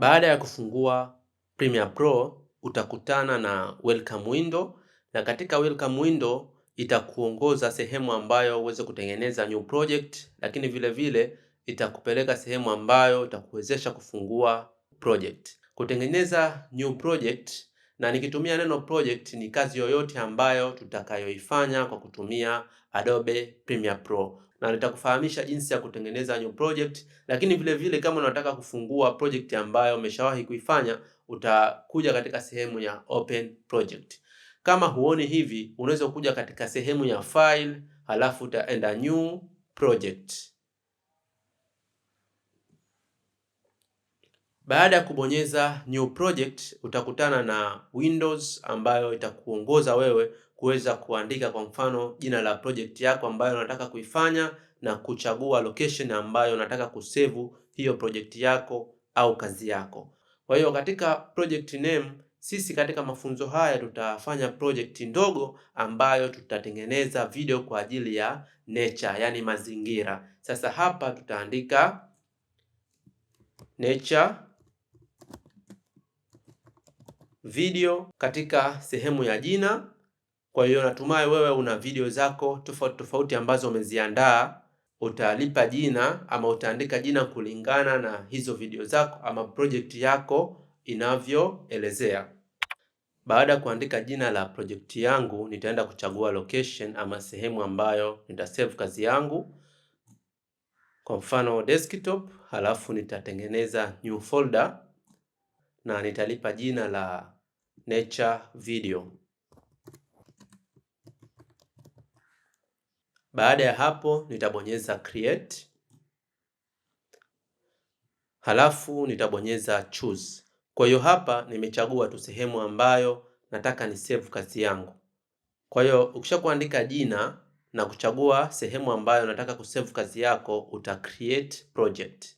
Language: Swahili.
Baada ya kufungua Premiere Pro utakutana na welcome window, na katika welcome window itakuongoza sehemu ambayo uweze kutengeneza new project, lakini vile vile itakupeleka sehemu ambayo itakuwezesha kufungua project. Kutengeneza new project na nikitumia neno project ni kazi yoyote ambayo tutakayoifanya kwa kutumia Adobe Premiere Pro, na nitakufahamisha jinsi ya kutengeneza new project, lakini vile vile kama unataka kufungua project ambayo umeshawahi kuifanya utakuja katika sehemu ya open project. Kama huoni hivi, unaweza kuja katika sehemu ya file, halafu utaenda new project. Baada ya kubonyeza new project, utakutana na windows ambayo itakuongoza wewe kuweza kuandika kwa mfano jina la project yako ambayo unataka kuifanya na kuchagua location ambayo unataka kusevu hiyo project yako au kazi yako. Kwa hiyo katika project name, sisi katika mafunzo haya tutafanya project ndogo ambayo tutatengeneza video kwa ajili ya nature, yani mazingira. Sasa hapa tutaandika nature video katika sehemu ya jina. Kwa hiyo natumai wewe una video zako tofauti tofauti ambazo umeziandaa, utalipa jina ama utaandika jina kulingana na hizo video zako ama project yako inavyoelezea. Baada ya kuandika jina la project yangu, nitaenda kuchagua location ama sehemu ambayo nitasave kazi yangu, kwa mfano desktop, halafu nitatengeneza new folder na nitalipa jina la nature video. Baada ya hapo nitabonyeza create, halafu nitabonyeza choose. Kwa hiyo hapa nimechagua tu sehemu ambayo nataka ni save kazi yangu. Kwa hiyo ukisha kuandika jina na kuchagua sehemu ambayo nataka kusave kazi yako uta create project.